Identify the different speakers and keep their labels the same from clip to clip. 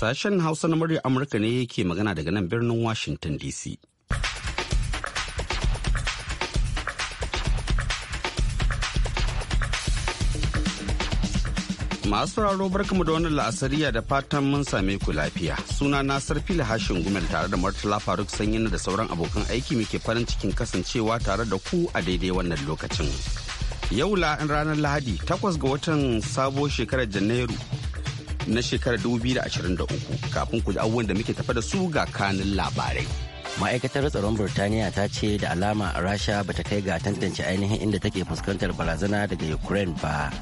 Speaker 1: Sashen Hausa na murya Amurka ne yake magana daga nan birnin Washington DC. Masu barka barkamu da wannan la'asariya da fatan mun same ku lafiya. Suna na sarfi Hashin Gumel tare da Murtala Faruk na da sauran abokan aiki muke farin cikin kasancewa tare da ku a daidai wannan lokacin. Yau la'an ranar Lahadi takwas ga watan sabo shekarar Janairu na shekarar 2023 kafin ku ji abubuwan da muke tafa da su ga kanin labarai.
Speaker 2: Ma'aikatar tsaron Burtaniya ta ce da alama a Rasha ba ta kai ga tantance ainihin inda take fuskantar barazana daga Ukraine ba.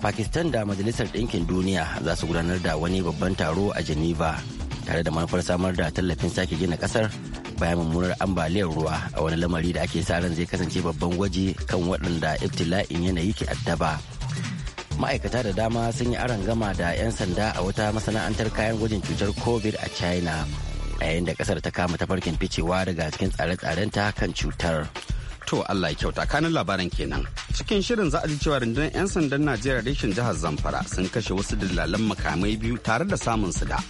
Speaker 2: Pakistan da Majalisar Ɗinkin Duniya za su gudanar da wani babban taro a Geneva tare da manufar samar da tallafin sake gina kasar bayan mummunar ambaliyar ruwa a wani lamari da ake sa ran zai kasance babban gwaji kan waɗanda ibtila'in yanayi ke addaba. ma'aikata da dama sun yi gama da 'yan sanda a wata masana'antar kayan gwajin cutar covid a china a yayin da kasar ta kama tafarkin ficewa
Speaker 1: daga cikin tsare tsaren ta kan cutar to allah kyauta kanin labaran kenan cikin shirin za a ji cewa rundunar 'yan sandan najeriya reshen jihar zamfara sun kashe wasu dillalan makamai biyu tare da samun su da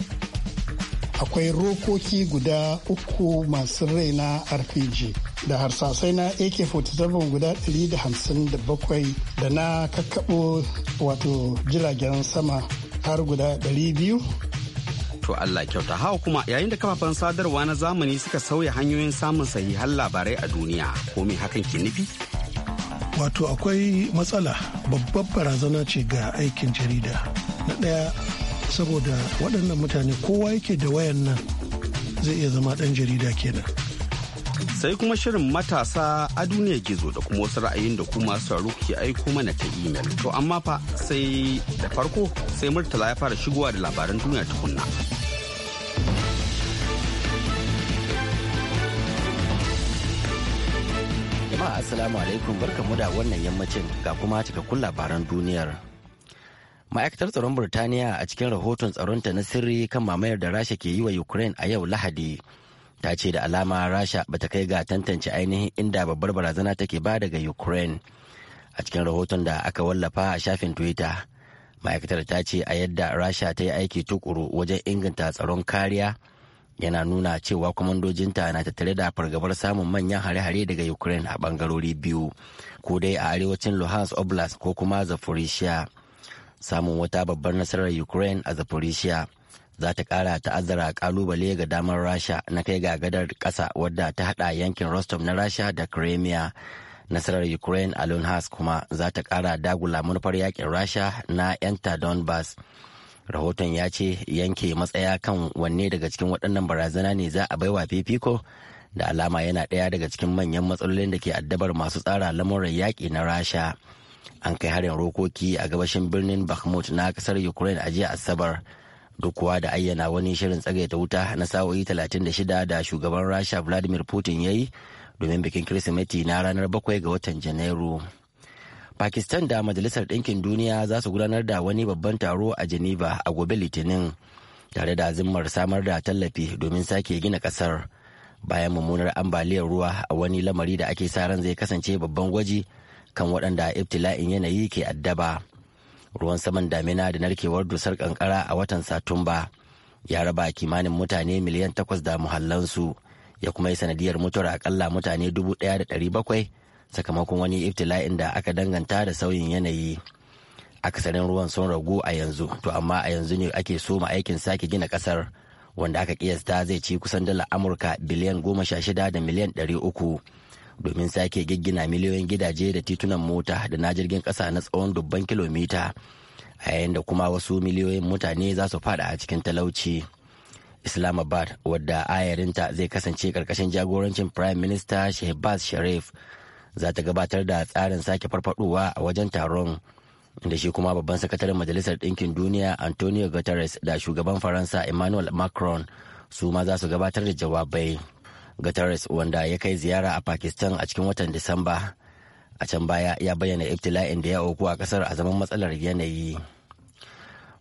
Speaker 3: akwai rokoki guda uku masu rai na rpg da harsasai na ak-47 guda 157 da na kakkaɓo wato jiragen sama har guda 200
Speaker 1: to Allah kyauta hawa kuma yayin da kafafen sadarwa na zamani suka sauya hanyoyin samun sahihan labarai a duniya ko me hakan ke nufi
Speaker 4: wato akwai matsala babbar barazana ce ga aikin jarida na ɗaya saboda waɗannan mutane kowa yake da wayan nan zai iya zama ɗan jarida kenan
Speaker 1: sai kuma shirin matasa a duniya gizo da kuma wasu ra'ayin da kuma sauraro ke aiko mana ta imel to amma fa sai da farko sai murtala ya fara shigowa da labaran duniya tukunna
Speaker 2: jama'a assalamu alaikum barkamu da wannan yammacin ga kuma cikakkun labaran duniyar ma'aikatar tsaron burtaniya a cikin rahoton tsaronta na sirri kan mamayar da rasha ke yi wa ukraine a yau lahadi ta ce da alama rasha bata kai ga tantance ainihin inda babbar barazana take ba daga ukraine a cikin rahoton da aka wallafa a shafin twitter ma'aikatar ta ce a yadda rasha ta yi aiki tukuru wajen inganta tsaron kariya yana nuna cewa kwamandojinta na tattare da fargabar samun manyan hare-hare daga ukraine a bangarori biyu ko dai a arewacin luhansk oblast ko kuma zaporizhia samun wata babbar nasarar ukraine a zaporizhia za ta kara ta'azzara kalubale ga damar rasha na kai ga gadar kasa wadda ta hada yankin rostov na rasha da crimea nasarar ukraine a lunhas kuma za ta kara dagula manufar yakin rasha na yanta donbass rahoton ya ce yanke matsaya kan wanne daga cikin waɗannan barazana ne za a baiwa fifiko da alama yana ɗaya daga cikin manyan matsalolin da ke addabar masu tsara lamuran yaƙi na rasha an kai harin rokoki a gabashin birnin bakhmut na kasar ukraine a jiya asabar duk kuwa da ayyana wani shirin tsagaita wuta na sa'o'i 36 da shugaban rasha vladimir putin ya yi domin bikin kirsimeti na ranar bakwai ga watan janairu pakistan da majalisar ɗinkin duniya za su gudanar da wani babban taro a geneva a gobe litinin tare da zimmar samar da tallafi domin sake gina kasar bayan mummunar ambaliyar ruwa a wani lamari da ake sa ran zai kasance babban gwaji kan waɗanda ibtila'in yanayi ke addaba ruwan saman damina da narkewar dusar kankara a watan satumba ya raba kimanin mutane miliyan takwas da muhallansu ya kuma yi sanadiyar mutuwar akalla mutane dubu ɗaya da ɗari bakwai sakamakon wani ibtila'in da aka danganta da sauyin yanayi akasarin ruwan sun ragu a yanzu to amma a yanzu ne ake so ma aikin sake gina kasar wanda aka kiyasta zai ci kusan dala amurka biliyan goma sha shida da miliyan ɗari uku domin sake giggina miliyoyin gidaje da titunan mota da na jirgin kasa na tsawon dubban kilomita a yayin da kuma wasu miliyoyin mutane za su fada a cikin talauci. Islamabad wadda ayarinta zai kasance karkashin jagorancin Prime Minister Shehbaz Sharif za ta gabatar da tsarin sake farfadowa a wajen taron da shi kuma babban sakataren Majalisar Ɗinkin Duniya Antonio Guterres da shugaban Faransa Emmanuel Macron su ma za su gabatar da jawabai. Guterres wanda ya kai ziyara a Pakistan a cikin watan Disamba a can baya ya bayyana iftila'in da ya auku a kasar a zaman matsalar yanayi.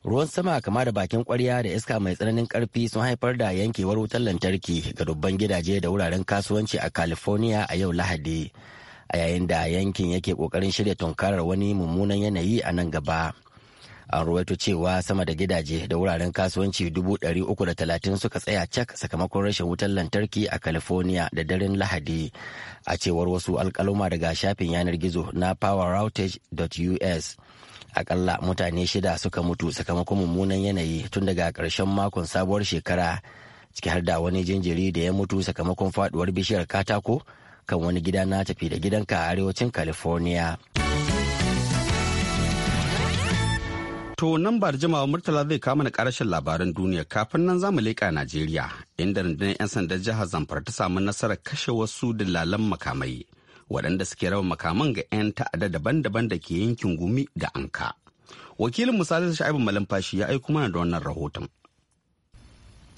Speaker 2: Ruwan sama kama da bakin kwarya da iska mai tsananin karfi sun haifar da yankewar wutar lantarki ga dubban gidaje da wuraren kasuwanci a California a yau Lahadi a yayin da yankin yake kokarin shirya tunkarar wani mummunan yanayi a nan gaba. an ruwaito cewa sama da gidaje da wuraren kasuwanci dubu ɗari uku da talatin suka tsaya cak sakamakon rashin wutar lantarki a california da daren lahadi a cewar wasu alkaluma daga shafin yanar gizo na poweroutage.us akalla mutane shida suka mutu sakamakon mummunan yanayi tun daga karshen makon sabuwar shekara ciki har da wani jinjiri da ya mutu sakamakon faduwar bishiyar katako kan wani gida na tafi da gidanka a arewacin california
Speaker 1: To nan ba da jimawa Murtala zai kama na karashin labaran duniya kafin nan zamu leƙa Najeriya inda rundunar 'yan sandan jihar Zamfara ta samu nasarar kashe wasu dillalan makamai waɗanda suke raba makaman ga 'yan ta'adda daban-daban da ke yankin gumi da anka. Wakilin misalin Sha'ibu Malamfashi ya aiko mana da wannan
Speaker 3: rahoton.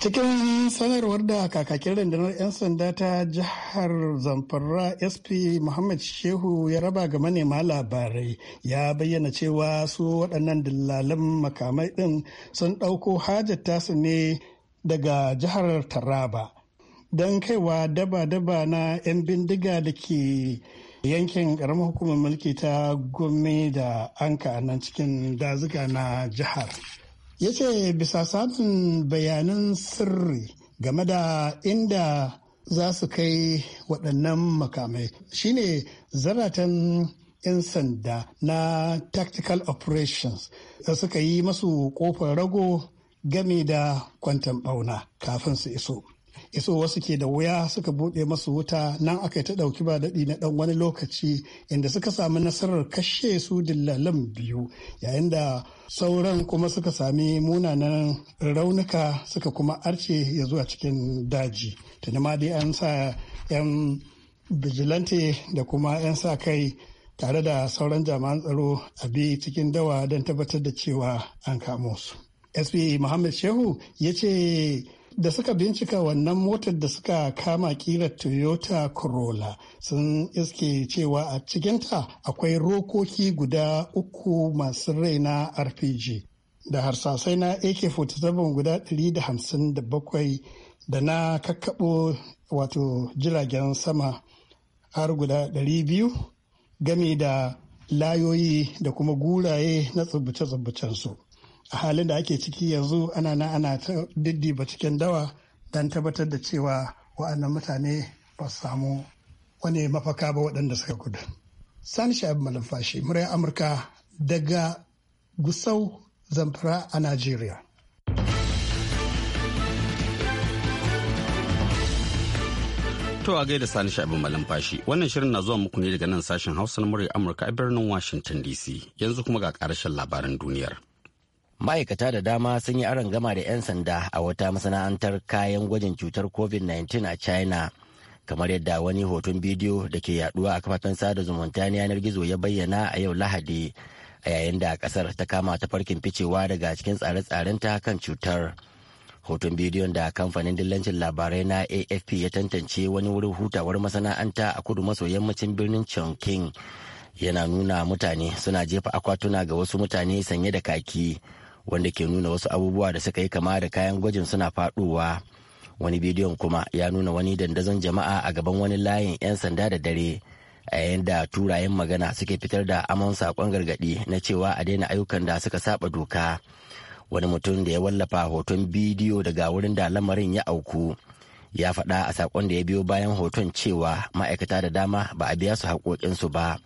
Speaker 3: cikin sanarwar da kakakin rundunar 'yan sanda ta jihar zamfara sp muhammad shehu ya raba ga manema labarai ya bayyana cewa su waɗannan dillalan makamai ɗin sun ɗauko hajjata su ne daga jihar taraba don kaiwa daba-daba na 'yan bindiga da ke yankin ƙaramar hukumar mulki ta gome da anka nan cikin dazuka na jihar. ya ce bisa samun bayanan sirri game da inda za su kai waɗannan makamai shine zaratan 'yan sanda na tactical operations da suka yi masu ƙofar rago game da kwantan ɓauna kafin su iso iso wasu ke da wuya suka buɗe masu wuta nan aka yi ta ɗauki ba daɗi na ɗan wani lokaci inda suka sami nasarar kashe su dillalan biyu yayin da sauran kuma suka sami munanan raunuka suka kuma arce ya zuwa cikin daji tuni ma dai an sa 'yan bijilante da kuma 'yan sa kai tare da sauran jami'an tsaro a bi cikin dawa don tabbatar da cewa an kamo su. sp muhammad shehu ya ce da suka bincika wannan motar da suka kama kira toyota corolla sun iske cewa a cikinta akwai rokoki guda uku masu rai na rpg da harsasai na ak-47 guda 157 da na kakkaɓo wato jiragen sama har guda 200 gami da layoyi da kuma guraye na tsubbuce-tsubbucensu. su a halin da ake ciki yanzu ana nan ana diddiba cikin dawa don tabbatar da cewa wa'annan mutane ba su samu wani mafaka ba waɗanda suka gudu. Sani Shahab Malumfashi, murayen Amurka daga Gusau, Zamfara a Najeriya.
Speaker 1: To a gaida Sani Shahab Malumfashi, wannan shirin na zuwa muku ne daga nan sashen Hausa na muryar Amurka a birnin Washington DC. Yanzu kuma ga ƙarshen labaran duniyar.
Speaker 2: ma'aikata da dama sun yi aron gama da 'yan sanda a wata masana'antar kayan gwajin cutar covid-19 a china kamar yadda wani hoton bidiyo da ke yaduwa a kafafen sada zumunta na yanar gizo ya bayyana a yau lahadi a yayin da kasar ta kama ta farkin ficewa daga cikin tsare tsaren ta kan cutar hoton bidiyon da kamfanin dillancin labarai na afp ya tantance wani wurin hutawar masana'anta a kudu maso yammacin birnin chongqing yana nuna mutane suna jefa akwatuna ga wasu mutane sanye da kaki wanda ke nuna wasu abubuwa da suka yi kama da kayan gwajin suna faɗowa wani bidiyon kuma ya nuna wani dandazon jama'a a gaban wani layin 'yan sanda da dare a yayin da turayen magana suke fitar da amon saƙon gargaɗi na cewa a daina ayyukan da suka saba doka wani mutum da ya wallafa hoton bidiyo daga wurin da lamarin ya auku ya faɗa a saƙon da ya biyo bayan hoton cewa ma'aikata da dama ba a biya su haƙoƙinsu ba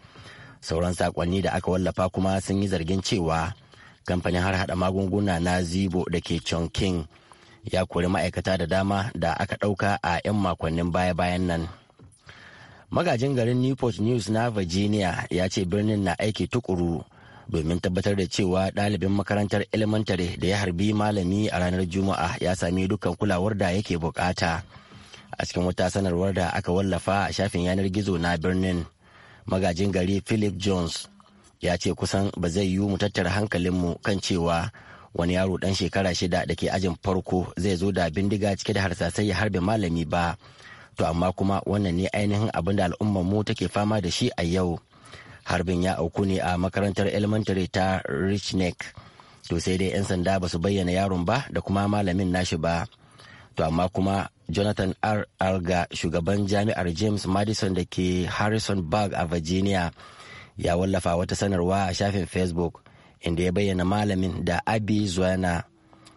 Speaker 2: sauran saƙonni da aka wallafa kuma sun yi zargin cewa kamfanin har hada magunguna na zibo da ke chongqing ya kori ma'aikata da dama da aka ɗauka a 'yan makonnin baya-bayan nan magajin garin newport news na virginia ya ce birnin na aiki tukuru domin tabbatar da cewa ɗalibin makarantar elementary da ya harbi malami a ranar juma'a ya sami dukkan kulawar da yake bukata a cikin wata sanarwar da aka wallafa a shafin yanar gizo na birnin magajin gari philip jones ya ce kusan ba zai yiwu mu tattara hankalinmu kan cewa wani yaro dan shekara shida da ke ajin farko zai zo da bindiga cike da harsasai ya harbe malami ba to amma kuma wannan ne ainihin abin da al'ummar mu take fama da shi a yau harbin ya auku ne a makarantar elementary ta richneck to sai dai 'yan sanda ba su bayyana yaron ba da kuma malamin nashi ba to amma kuma jonathan r alga shugaban jami'ar james madison da ke harrisonburg a virginia ya wallafa wata sanarwa a shafin facebook inda ya bayyana malamin da abi zuwana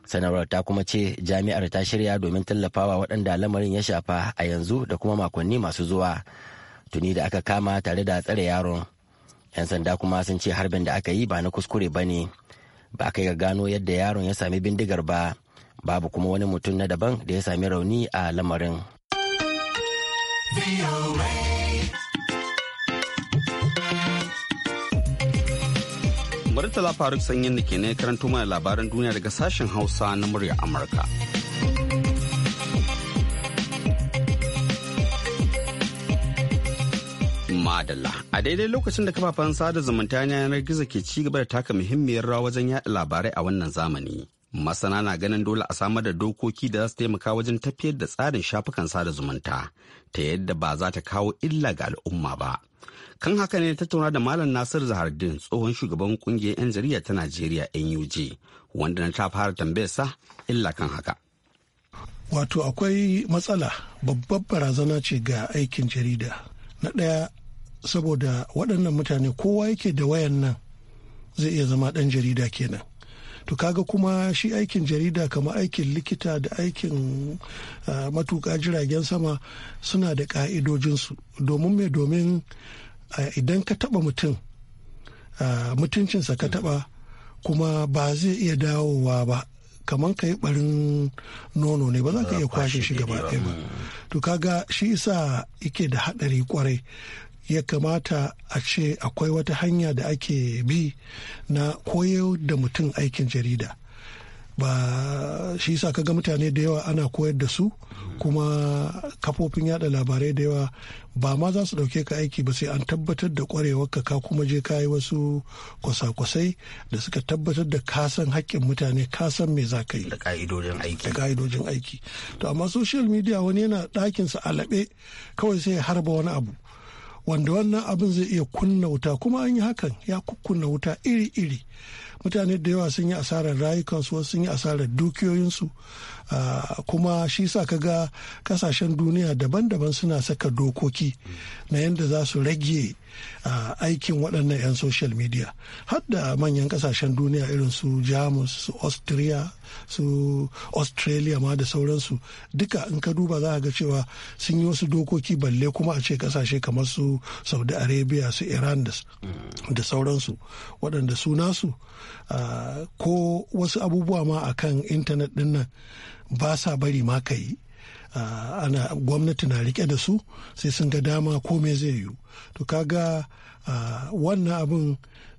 Speaker 2: sanarwar ta kuma ce jami'ar ta shirya domin tallafawa waɗanda lamarin ya shafa a yanzu da kuma makonni masu zuwa tuni da aka kama tare da tsare yaron 'yan sanda kuma sun ce harbin da aka yi ba na kuskure ba ne ba kai ga gano yadda yaron ya sami bindigar ba babu kuma wani mutum na daban da ya sami rauni a lamarin.
Speaker 1: Murtala Faruk Sanyin da ke ne karanto mana labaran duniya daga sashen Hausa na murya Amurka. Madalla. A daidai lokacin da kafafen sada zumunta na yanar gizo ke ci gaba da taka muhimmiyar rawa wajen yaɗa labarai a wannan zamani. Masana na ganin dole a samar da dokoki da za su taimaka wajen tafiyar da tsarin shafukan sada zumunta ta yadda ba za ta kawo illa ga al'umma ba. kan haka ne tattauna da malam nasir zahardin tsohon shugaban kungiyar 'yan jarida ta najeriya nuj wanda na ta fara sa illa kan haka
Speaker 4: wato akwai matsala babbar barazana ce ga aikin jarida na ɗaya saboda waɗannan mutane kowa yake da wayan nan zai iya zama ɗan jarida kenan to kaga kuma shi aikin jarida kamar aikin likita da aikin ah, matuka jiragen sama suna da ƙa'idojinsu domin me domin idan ka taba mutum mutuncinsa ka taba kuma ba zai iya dawowa ba kamar ka yi barin nono ne ba za ka iya kwashe shi gaba ɗaya ba to kaga shi isa yake da haɗari kwarai ya kamata a ce akwai wata hanya da ake bi na koyar da mutum aikin jarida ba shi sa kaga mutane da yawa ana koyar da su kuma kafofin yada labarai da yawa ba ma za su dauke ka aiki ba sai an tabbatar da kwarewarka ka kuma je ka yi wasu kwasa-kwasai da suka tabbatar da ka san haƙƙin mutane ka san me za ka yi da ka'idojin aiki to amma social media wani yana ɗakinsa a laɓe kawai sai ya harba wani abu wanda wannan abin zai iya kunna wuta kuma an yi hakan ya kunna wuta iri-iri mutane da yawa sun yi asarar rayukansu wasu sun yi asarar dukiyoyinsu ah, kuma shi sa ga kasashen duniya daban-daban suna saka dokoki na yadda za su rage ah, aikin waɗannan 'yan social media har manyan kasashen duniya irin su jamus su austria su australia ma da sauransu duka in ka duba za ga cewa sun yi wasu dokoki balle kuma a ce kasashe kamar su saudi arabia su iran da sauransu waɗanda su nasu Ah, ko wasu abubuwa ma a kan intanet ɗin nan ba sa bari ma ka yi ah, ana gwamnati na rike da su sai sun ga dama ko me zai yiwu to ka kaga ah, wannan abin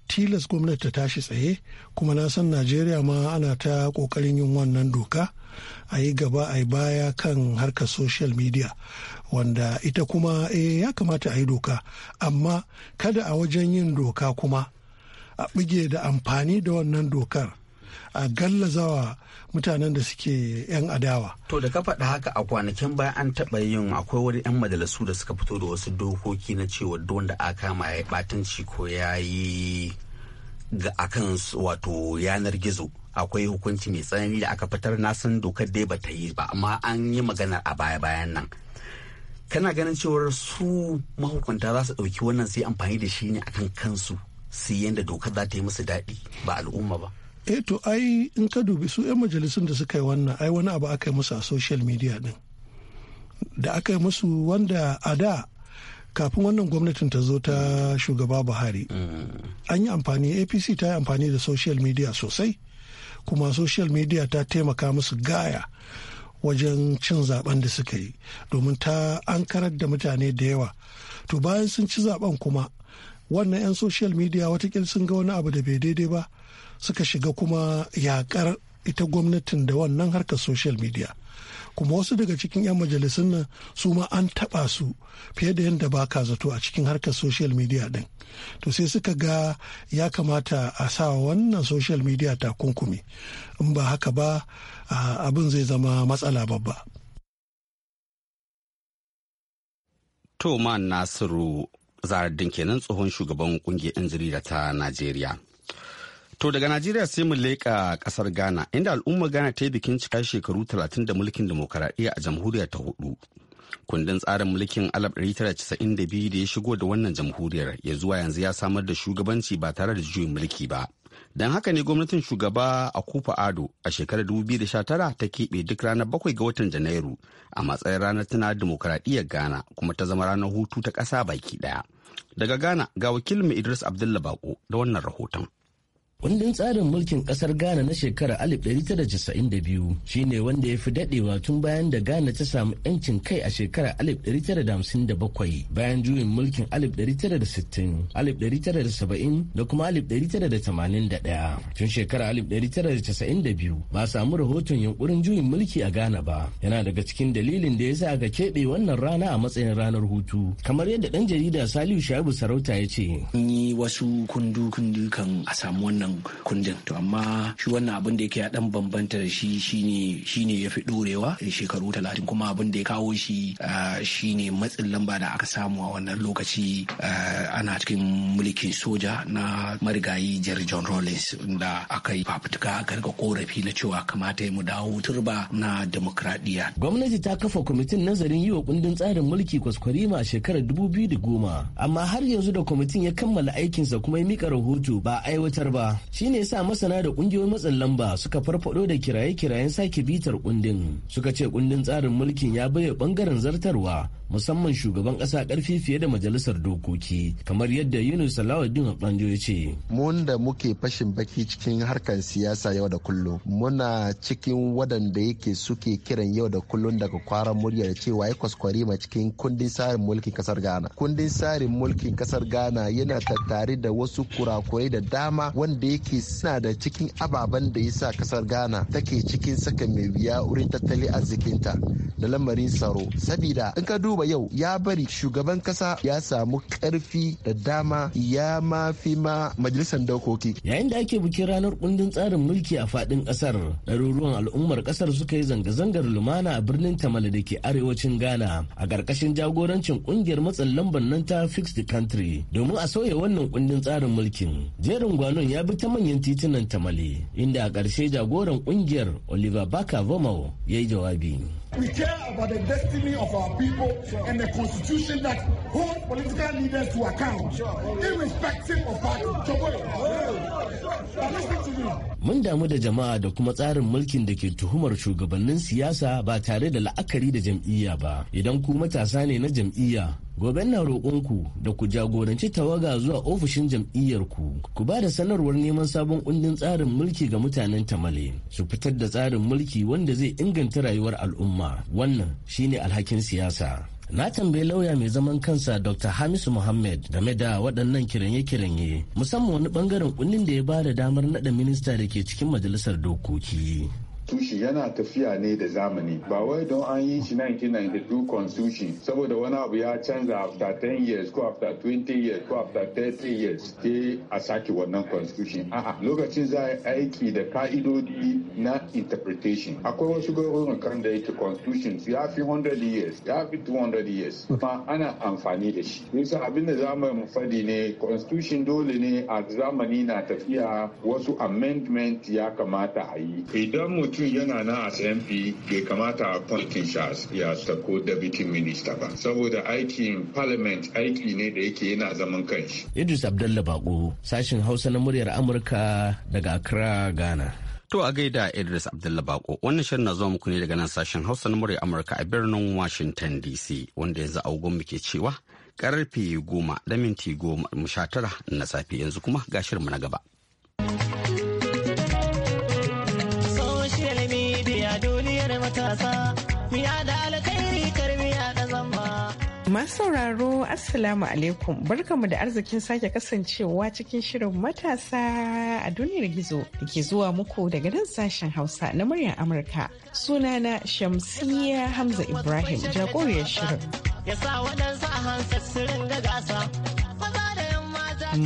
Speaker 4: tilas gwamnati ta tashi tsaye kuma na san najeriya ma ana ta kokarin yin wannan doka a yi gaba a yi baya kan harkar social media wanda ita kuma eh ya kamata a yi doka amma kada a wajen yin doka kuma a bige da amfani da wannan dokar a gallazawa mutanen da suke 'yan adawa.
Speaker 1: To da ka faɗa haka a kwanakin baya an taɓa yin akwai wani 'yan majalisu da suka fito da wasu dokoki na cewa wanda aka ma ya ɓatanci ko ya yi ga akan wato yanar gizo akwai hukunci mai tsanani da aka fitar na san dokar da dai bata yi ba amma an yi magana a baya bayan nan kana ganin cewar su mahukunta za su ɗauki wannan sai amfani da shi ne akan kansu su yadda dokar za ta yi musu daɗi ba al'umma ba
Speaker 4: eh to ai in ka dubi su 'yan majalisun da suka yi wannan ai wani abu aka yi musu a social media din da aka yi musu wanda a da kafin wannan gwamnatin ta zo ta shugaba buhari mm. an yi amfani apc ta yi amfani da social media sosai kuma social media ta taimaka musu gaya wajen cin zaben da suka yi domin ta an karar da mutane da yawa to bayan sun ci zaben kuma wannan 'yan social media watakila sun ga wani abu da bai daidai ba suka shiga kuma yakar ita gwamnatin da wannan harkar social media kuma wasu daga cikin 'yan majalisun nan su ma an taba su fiye da yadda ba ka zato a cikin harkar social media din to sai suka ga ya kamata a sa wannan social media takunkumi in ba haka ba abin zai zama matsala babba
Speaker 1: Toman Nasiru din kenan tsohon shugaban kungiyar 'yan jarida ta najeriya to daga najeriya sai mu leƙa ƙasar ghana inda al'ummar ghana ta yi bikin cika shekaru 30 da mulkin demokaradiyya a jamhuriyar ta hudu kundin tsarin mulkin 1992 da ya shigo da wannan jamhuriyar ya zuwa yanzu ya samar da shugabanci ba tare da juyin mulki ba Don haka ne gwamnatin shugaba a kufa ado a shekarar 2019 ta keɓe duk ranar bakwai ga watan Janairu a matsayin ranar tana dimokuraɗiyyar Ghana kuma ta zama ranar hutu ta ƙasa baki ɗaya. Daga Ghana ga wakilin Idris Abdullah Bako da wannan rahoton.
Speaker 5: Kundin tsarin mulkin kasar Ghana na shekara 1992 shine wanda ya fi dadewa tun bayan da Ghana ta samu 'yancin kai a shekara 1957 bayan juyin mulkin 1960, 1970 da kuma 1981. Tun shekara 1992 ba samu rahoton yunkurin juyin mulki a Ghana ba. Yana daga cikin dalilin da ya sa aka keɓe wannan rana a matsayin ranar hutu. Kamar yadda ɗan jarida Saliu Shabu Sarauta ya ce.
Speaker 6: Ni wasu kundu-kundu
Speaker 5: kan a samu wannan wannan kundin to amma shi wannan abin da yake ya dan bambanta da shi shine shine ya fi dorewa eh, shekaru talatin kuma abin da ya kawo shi ah, shine matsin lamba da aka samu a wannan lokaci ah, ana cikin mulkin soja na marigayi jerry john rollins da aka yi fafutuka garga korafi na cewa kamata ya mu dawo turba na demokradiyya gwamnati ta kafa kwamitin nazarin yi wa kundin tsarin mulki kwaskwarima a shekarar dubu biyu da goma amma har yanzu da kwamitin ya kammala aikinsa kuma ya mika rahoto ba aiwatar ba shi ne sa masana da kungiyoyin matsin lamba suka farfado da kiraye-kirayen sake bitar kundin suka ce kundin tsarin mulkin ya baiwa bangaren zartarwa musamman shugaban ƙasa karfi fiye da majalisar dokoki kamar yadda Yunus Salahuddin Obanjo ya ce
Speaker 1: mun da muke fashin baki cikin harkar siyasa yau da kullum muna cikin wadanda yake suke kiran yau da kullum daga kwaran murya da cewa ya kwaskwari ma cikin kundin tsarin mulkin kasar Ghana kundin tsarin mulkin kasar Ghana yana tattare da wasu kurakurai da dama wanda yake suna da cikin ababen da ya sa kasar ghana take cikin saka mai biya wurin tattali arzikinta da lamarin tsaro sabida in ka duba yau ya bari shugaban kasa ya samu karfi da dama ya ma ma majalisar
Speaker 5: dokoki yayin da ake bikin ranar kundin tsarin mulki a fadin kasar ɗaruruwan al'ummar kasar suka yi zanga-zangar lumana a birnin tamale da ke arewacin ghana a ƙarƙashin jagorancin ƙungiyar matsin lambar nan ta fix the country domin a sauya wannan kundin tsarin mulkin jerin gwanon ya bi ta manyan titunan tamale inda a ƙarshe jagoran ƙungiyar oliver baka vomau ya yi jawabi
Speaker 3: We care about the destiny of our people sure. and the constitution that holds political leaders to account, sure. irrespective of party.
Speaker 5: Mun damu da jama'a da kuma tsarin mulkin da ke tuhumar shugabannin siyasa ba tare da la'akari da jam'iyya ba. Idan ku matasa ne na jam'iyya, gobe na roƙonku da ku jagoranci tawaga zuwa ofishin jam'iyyarku. Ku ba da sanarwar neman sabon kundin tsarin mulki ga mutanen Tamale, su fitar da tsarin mulki wanda zai inganta rayuwar al'umma. al'umma wannan shine alhakin siyasa na tambayi lauya mai zaman kansa dr hamisu muhammad game da waɗannan kiranye-kiranye musamman wani ɓangaren kullum da ya ba da damar naɗa minista da ke cikin majalisar dokoki
Speaker 4: constitution yana
Speaker 1: tafiya ne da zamani ba wai don an yi shi 1992 constitution saboda wani abu ya canza after 10 years ko after 20 years ko after 30 years ke a sake wannan constitution a lokacin za a aiki da ka'idodi na interpretation akwai wasu gwamnatin kan da yake constitution ya fi 100 years ya fi 200 years ma ana amfani da shi yasa abin da za mu fadi ne constitution dole ne a zamani na tafiya wasu amendment ya kamata a yi idan mutum mutum yana na as mp bai kamata a kwantin shi ya sako deputy minista ba saboda aikin parliament aiki ne da yake yana zaman kanshi
Speaker 5: idris abdullahi bako sashin hausa na muryar amurka daga accra ghana
Speaker 1: To a gaida Idris Abdullahi Bako wannan shirin na zuwa muku ne daga nan sashen Hausa na murya Amurka a birnin Washington DC wanda yanzu agogon muke cewa karfe goma da minti goma sha tara na safe yanzu kuma ga shirinmu na gaba.
Speaker 7: Masu sauraro Assalamu alaikum barkamu da arzikin sake kasancewa cikin shirin matasa a duniyar gizo da ke zuwa muku daga nan sashen Hausa na muryar Amurka. Sunana Shamsiyya Hamza Ibrahim jagoriyar shirin.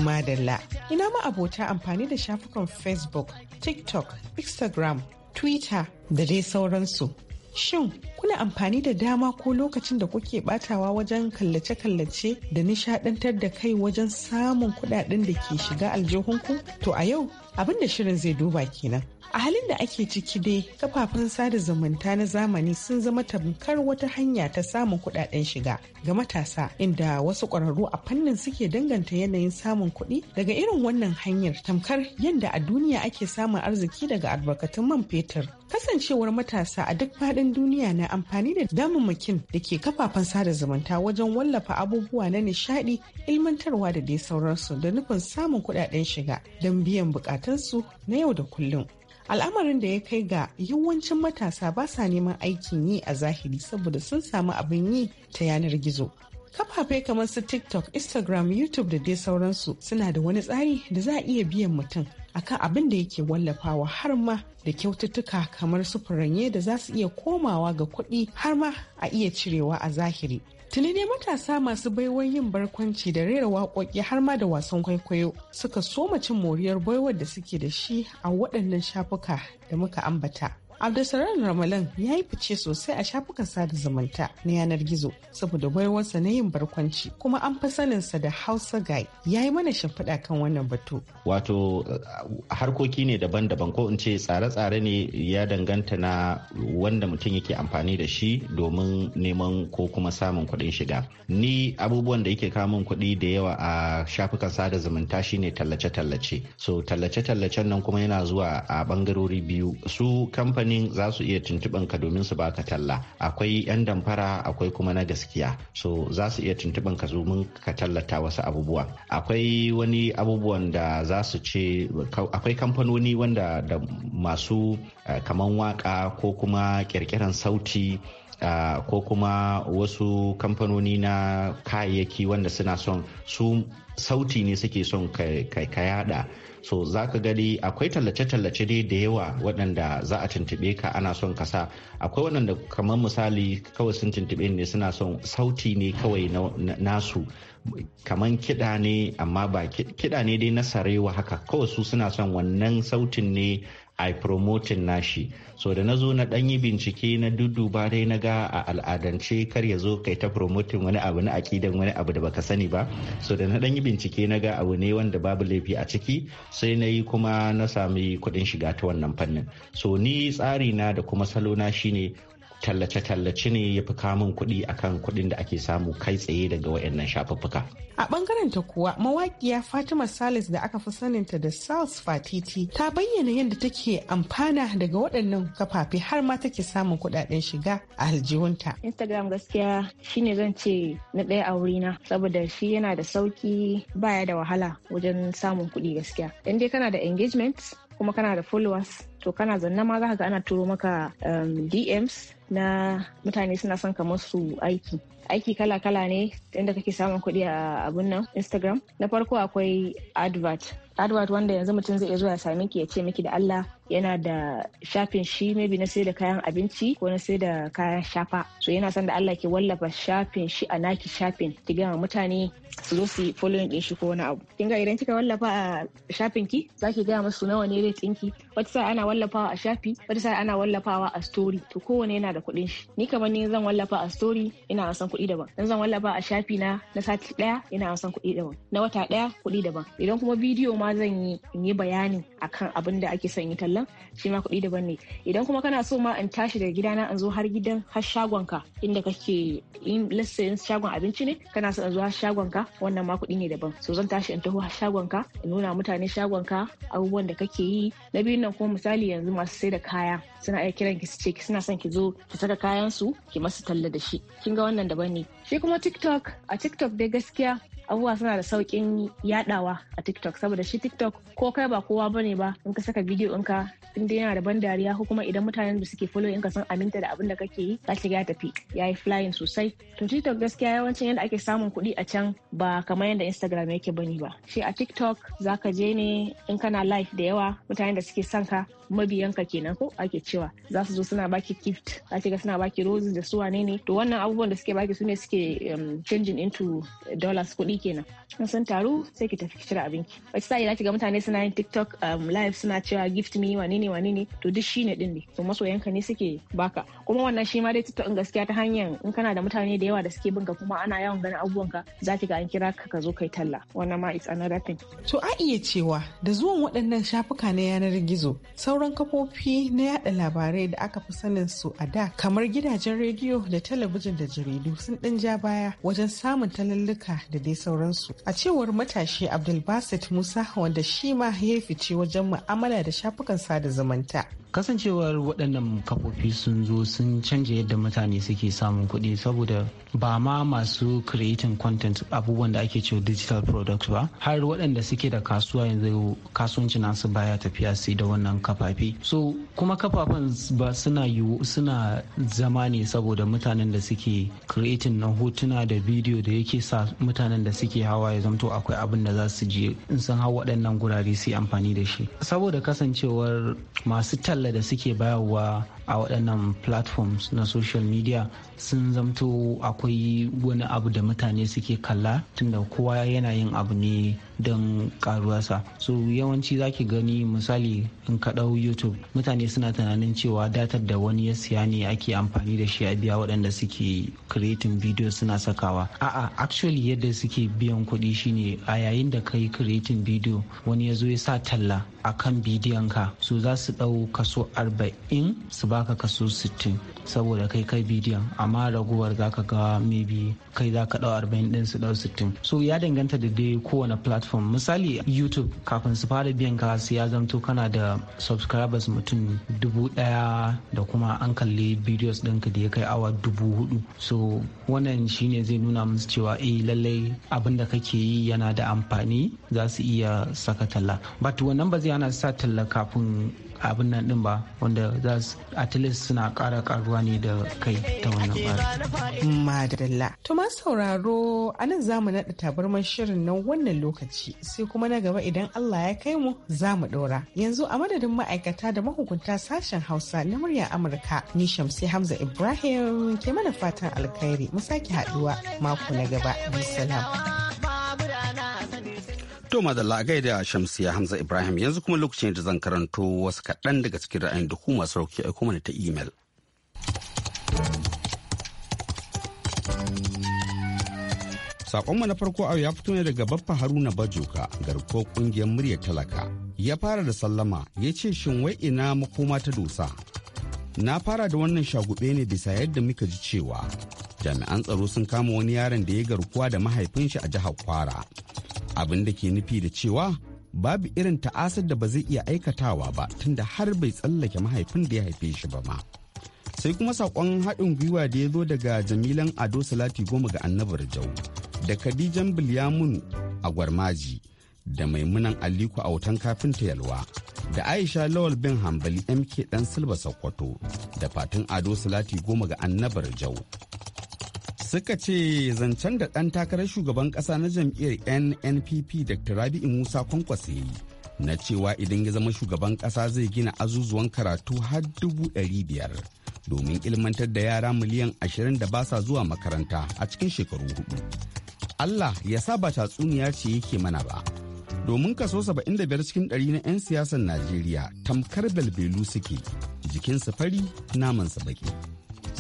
Speaker 7: Madalla. Ina ma abota amfani da shafukan Facebook, TikTok, Instagram, Twitter da dai sauransu. Shin kuna amfani da dama ko lokacin da kuke batawa wajen kallace-kallace da nishadantar da kai wajen samun kudaden da ke shiga aljihunku? To a yau abin da shirin zai duba kenan a halin da ake ciki dai kafafen sada zumunta na zamani sun zama tamkar wata hanya ta samun kudaden shiga ga matasa inda wasu ƙwararru a fannin suke danganta yanayin samun kuɗi daga irin wannan hanyar tamkar yadda a duniya ake samun arziki daga albarkatun man fetur kasancewar matasa a duk faɗin duniya na amfani da damammakin da ke kafafen sada zumunta wajen wallafa abubuwa na nishaɗi ilmantarwa da dai sauransu da nufin samun kuɗaɗen shiga don biyan bukatunsu na yau da kullum al'amarin da ya kai ga yawancin matasa ba sa neman aikin yi a zahiri saboda sun samu abin yi ta yanar gizo kafafe kamar su tiktok instagram youtube da dai sauransu suna da wani tsari da za a iya biyan mutum akan abin da yake wallafawa har ma da kyaututtuka kamar su da za su iya komawa ga kuɗi har ma a iya cirewa a zahiri Tuni ne matasa masu baiwar yin barkwanci da rera waƙoƙi har ma da wasan kwaikwayo suka soma cin moriyar baiwar da suke da shi a waɗannan shafuka da muka ambata. Abdulsalam Ramalan ya yi fice sosai a shafukan sada zumunta na yanar gizo saboda baiwarsa na yin barkwanci kuma an fi saninsa da Hausa Guy ya yi mana shimfiɗa kan wannan batu.
Speaker 8: Wato harkoki ne daban-daban ko in ce tsare-tsare ne ya danganta na wanda mutum yake amfani da shi domin neman ko kuma samun kuɗin shiga. Ni abubuwan da yake kamun kuɗi da yawa a shafukan sada zumunta shine tallace-tallace. So tallace-tallacen nan kuma yana zuwa a bangarori biyu. Su kamfani kamfanonin za su iya tuntuɓan ka domin su baka talla akwai 'yan damfara akwai kuma na gaskiya so za su iya tuntuɓan ka domin ka tallata wasu abubuwa akwai wani abubuwan da za su ce akwai kamfanoni wanda da masu eh, kaman waka ko kuma kirkiran sauti ko kuma wasu kamfanoni na kayayyaki wanda suna son su sauti ne suke son ka yada so za ka gani akwai tallace-tallace dai da yawa waɗanda za a tuntuɓe ka ana son kasa akwai waɗanda kamar misali kawai sun tuntuɓe ne suna son sauti ne kawai nasu kamar kiɗa ne amma ba kiɗa ne dai na sarewa haka kawai su suna son wannan sautin ne a promotin nashi so da na zo na dan yi bincike na duduba dai na ga a al'adance kar ya zo kai ta promotin wani abu na akidan wani abu da baka sani ba so da na dan yi bincike na ga abu ne wanda babu laifi a ciki sai na yi kuma na sami kuɗin shiga ta wannan fannin so ni tsari na da kuma salo na shine tallace-tallace ne ya fi kamun kuɗi akan kuɗin da ake samu kai tsaye daga wayannan shafuffuka.
Speaker 7: A ɓangaren ta kuwa mawaƙiya Fatima Salis da aka fi sanin ta da Sals Fatiti ta bayyana yadda take amfana daga waɗannan kafafe har ma take samun kuɗaɗen shiga a aljihunta.
Speaker 9: Instagram gaskiya shine zan ce na ɗaya a wurina saboda shi yana da sauki baya da wahala wajen samun kuɗi gaskiya. Dan dai kana da engagement kuma kana da followers to kana zanna ma za ga ana turo maka um, dms na mutane suna son kamar su aiki aiki kala-kala ne inda kake samun kuɗi a abun nan instagram na farko akwai advert advert wanda yanzu mutum zai iya zuwa ya same ki ya ce miki da allah yana da shafin shi maybe na sai da kayan abinci ko na sai da kayan shafa so yana son da allah ki wallafa shafin shi a naki shafin ki gama mutane su zo su following din shi ko wani abu kin ga idan kika wallafa a shafin ki zaki gaya musu nawa ne rate ɗinki wata sa ana wallafawa a shafi wata sai ana wallafawa a story to kowane yana da kuɗin shi ni kamar ni zan wallafa a story ina wasan kuɗi daban dan zan wallafa a shafi na na sati ɗaya ina wasan kuɗi daban na wata ɗaya kuɗi daban idan kuma bidiyo ma zan yi in yi bayani akan abin da ake son yi tallan shi ma kuɗi daban ne idan kuma kana so ma in tashi daga gidana in zo har gidan har shagonka inda kake in lissayin shagon abinci ne kana so in zo har shagonka wannan ma kuɗi ne daban so zan tashi in taho har ka in nuna mutane shagon ka abubuwan da kake yi na biyun nan kuma misali misali yanzu masu sai da kaya suna iya kiran ki su ce suna son ki zo ki saka kayan su ki masu talla da shi kin ga wannan daban ne shi kuma tiktok a tiktok dai gaskiya abubuwa suna da saukin yadawa a tiktok saboda shi tiktok ko kai ba kowa ba ne ba in ka saka bidiyo in ka dai yana da ban dariya ko kuma idan mutanen da suke follow ka san aminta da abin da kake yi ka shiga tafi ya yi flying sosai to tiktok gaskiya yawancin yadda ake samun kuɗi a can ba kamar yadda instagram yake bane ba shi a tiktok zaka je ne in kana live da yawa mutanen da suke son ka mabiyan ka kenan ko ake cewa za su zo suna baki gift za ga suna baki roses da su wanene ne to wannan abubuwan da suke baki su ne suke um, changing into dollars kuɗi kuɗi kenan in sun taru sai ki tafi cire abinki wata sa'i na ga mutane suna yin tiktok um, live suna cewa gift me wane ne wane ne to duk shine din ne to masoyanka ne suke baka kuma wannan shi ma dai tiktok in gaskiya ta hanyar in kana da mutane da yawa da suke ka kuma ana yawan ganin abubuwanka za ki ga an kira ka ka zo kai talla wannan ma it's another thing to
Speaker 7: a iya cewa da zuwan waɗannan shafuka na yanar gizo sauran kafofi na yada labarai da aka fi sanin su a da kamar gidajen rediyo da talabijin da jaridu sun ɗan ja baya wajen samun talalluka da dai sauransu a cewar matashi abdulbasit musa wanda shi ma ya fice wajen mu'amala da shafukan sada zumunta
Speaker 6: kasancewar waɗannan kafofi sun zo sun canja yadda mutane suke samun kuɗi saboda ba ma masu creating content abubuwan da ake cewa digital product ba har waɗanda suke da kasuwa yanzu kasuwanci nasu baya tafiya sai da wannan kafafi so kuma kafafen ba suna suna zama ne saboda mutanen da suke creating na hotuna da bidiyo da yake sa mutanen da suke hawa ya zamto akwai abin da za su je in sun hau waɗannan gurare su amfani da shi saboda kasancewar masu talla da suke bayarwa a waɗannan platforms na social media sun zamto akwai wani abu da mutane suke kalla tunda kowa yana yin abu ne don karuwarsa so yawanci zaki gani misali in ka ɗau youtube mutane suna tunanin cewa datar da wani ya siya ne ake amfani da shi a biya waɗanda suke creating video suna sakawa a'a actually yadda suke biyan kuɗi shine a yayin da kai creating video wani ya zo ya sa talla akan bidiyon ka so za su ɗau kaso arba'in su baka kaso sittin saboda kai kai bidiyon amma raguwar zaka ga maybe kai zaka ɗau arba'in ɗin su dau 60 so ya danganta da dai kowane platform misali youtube kafin su fara biyan ka sai ya zamto kana da subscribers mutum dubu daya da kuma an kalli videos ɗinka da ya kai awa dubu hudu so wannan shine zai nuna musu cewa eh lallai abin da kake yi yana da amfani za su iya saka talla but wannan ba zai ana sa talla kafin abin nan din ba wanda za su atilis suna kara karuwa ne da kai ta wannan ɓari. Madalla.
Speaker 7: To ma sauraro a nan za mu naɗa tabarman shirin na wannan lokaci sai kuma na gaba idan Allah ya kai mu za mu ɗora. Yanzu a madadin ma'aikata da mahukunta sashen Hausa na muryar Amurka ni Shamsi Hamza Ibrahim ke mana fatan alkhairi mu sake haɗuwa mako na gaba.
Speaker 9: Bisalam.
Speaker 1: To madalla gai da Shamsiya Hamza Ibrahim yanzu kuma lokacin da zan karanto wasu kaɗan daga cikin ra'ayin da kuma sauki a kuma ta imel. Sakonmu na farko a ya fito ne daga Baffa Haruna Bajoka garko kungiyar muryar talaka. Ya fara da sallama ya ce shin wai ina makoma ta dosa. Na fara da wannan shagube ne bisa yadda muka ji cewa jami'an tsaro sun kama wani yaron da ya garkuwa da mahaifinshi a jihar Kwara. abin da ke nufi da cewa babu irin ta'asar da ba zai iya aikatawa ba tunda har bai tsallake mahaifin da ya haife shi ba ma sai kuma saƙon haɗin gwiwa da ya zo daga jamilan ado salati goma ga annabar jau da khadijan bilyamun a gwarmaji da maimunan aliko a wutan kafinta yalwa da aisha lawal bin hambali mk dan silba sokoto da fatan ado salati goma ga annabar jau suka ce zancen da ɗan takarar shugaban ƙasa na jam'iyyar nnpp dr rabi'u musa kwankwasi na cewa idan ya zama shugaban ƙasa zai gina azuzuwan karatu har dubu ɗari biyar domin ilmantar da yara miliyan ashirin da ba sa zuwa makaranta a cikin shekaru hudu allah ya sa ba tatsuniya ce yake mana ba domin kaso saba'in da biyar cikin ɗari na 'yan siyasar najeriya tamkar belbelu suke jikinsu fari namansu baki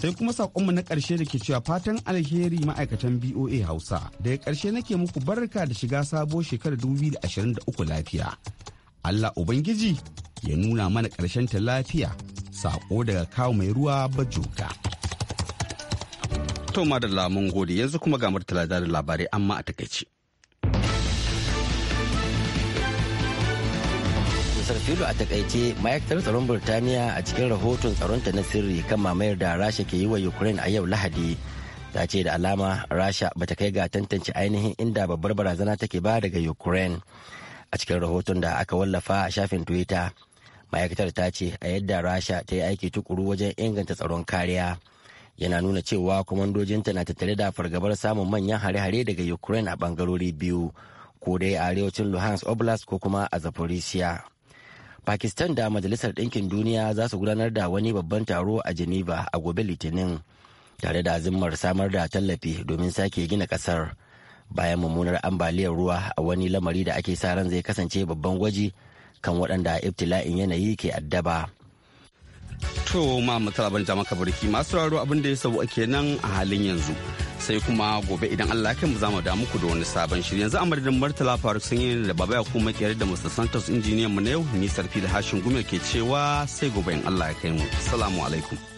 Speaker 1: sai kuma saƙonmu na ƙarshe da ke cewa fatan alheri ma'aikatan boa hausa daga ƙarshe nake muku barka da shiga sabo shekarar 2023 lafiya allah ubangiji ya nuna mana ƙarshen ta lafiya saƙo daga kawo mai ruwa bajoka to da lamun gode yanzu kuma ga murtala da labarai amma a takaice
Speaker 2: filo a takaice ma'aikatar tsaron burtaniya a cikin rahoton tsaronta na sirri kan mamayar da rasha ke yi wa ukraine a yau lahadi ta ce da alama rasha ba ta kai ga tantance ainihin inda babbar barazana take ba daga ukraine a cikin rahoton da aka wallafa a shafin twitter ma'aikatar ta ce a yadda rasha ta yi aiki tukuru wajen inganta tsaron kariya yana nuna cewa kwamandojinta na tattare da fargabar samun manyan hare-hare daga ukraine a bangarori biyu ko dai a arewacin Luhansk Oblast ko kuma a zaporisiya pakistan da majalisar ɗinkin duniya za su gudanar da wani babban taro a geneva a gobe litinin tare da azumar samar da tallafi domin sake gina kasar bayan mummunar ambaliyar ruwa a wani lamari da ake sa ran zai kasance babban gwaji kan waɗanda ibtila'in yanayi ke addaba.
Speaker 1: To ma mutala ban jama masu raro abin da ya sabu kenan a halin yanzu. sai kuma gobe idan Allah ya mu za mu da muku da wani sabon shiri yanzu a madadin Murtala Faruk sun yi da baba ya kuma kiyar da Mr. Santos injiniyan mu na yau ni Sarfi da Hashin Gumel ke cewa sai gobe in Allah ya kai mu. Assalamu alaikum.